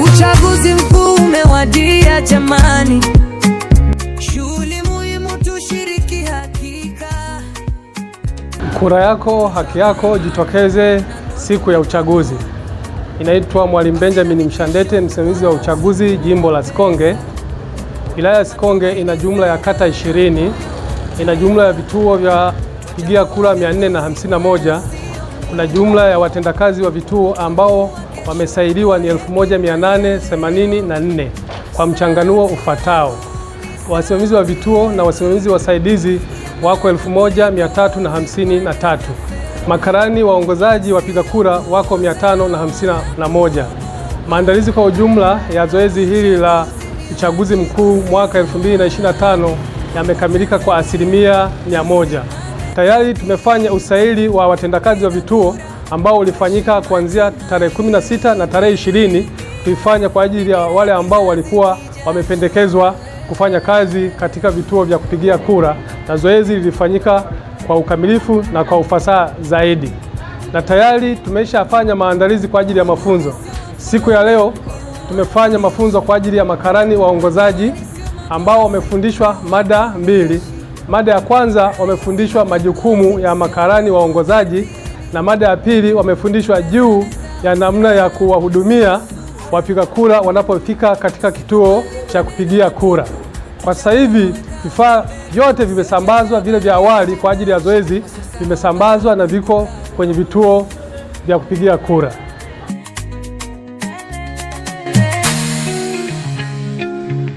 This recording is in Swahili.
Uchaguzi mkuu umewadia jamani, shughuli muhimu tushiriki hakika. Kura yako haki yako, jitokeze siku ya uchaguzi. Inaitwa Mwalimu Benjamin Mshandete, msimamizi wa uchaguzi jimbo la Sikonge. Wilaya ya Sikonge ina jumla ya kata 20, ina jumla ya vituo vya pigia kura 451. Kuna jumla ya watendakazi wa vituo ambao wamesaidiwa ni 1884 kwa mchanganuo ufatao. Wasimamizi wa vituo na wasimamizi wasaidizi wako 1353. Makarani waongozaji wapiga kura wako 551. Maandalizi kwa ujumla ya zoezi hili la uchaguzi mkuu mwaka 2025 yamekamilika kwa asilimia 100. Tayari tumefanya usaili wa watendakazi wa vituo ambao ulifanyika kuanzia tarehe 16 na tarehe 20 kuifanya kwa ajili ya wale ambao walikuwa wamependekezwa kufanya kazi katika vituo vya kupigia kura, na zoezi lilifanyika kwa ukamilifu na kwa ufasaha zaidi, na tayari tumeshafanya maandalizi kwa ajili ya mafunzo. Siku ya leo tumefanya mafunzo kwa ajili ya makarani waongozaji ambao wamefundishwa mada mbili. Mada ya kwanza wamefundishwa majukumu ya makarani waongozaji na mada ya pili wamefundishwa juu ya namna ya kuwahudumia wapiga kura wanapofika katika kituo cha kupigia kura. Kwa sasa hivi vifaa vyote vimesambazwa, vile vya awali kwa ajili ya zoezi vimesambazwa na viko kwenye vituo vya kupigia kura.